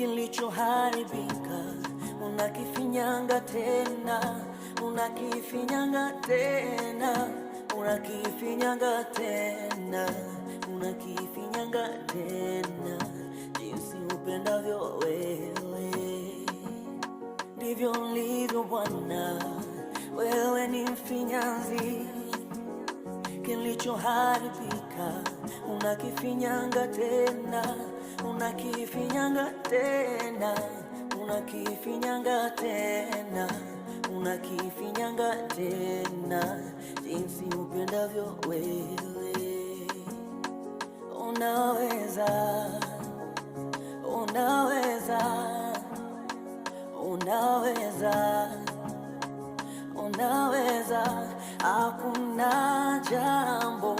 kilichoharibika unakifinyanga tena, unakifinyanga tena, unakifinyanga tena, unakifinyanga tena. Jinsi upendavyo wewe, ndivyo ulivyo Bwana. Wewe ni mfinyanzi, kilichoharibika unakifinyanga tena unakifinyanga tena, unakifinyanga tena, unakifinyanga tena, jinsi upendavyo wewe. Unaweza, unaweza, unaweza, unaweza, hakuna jambo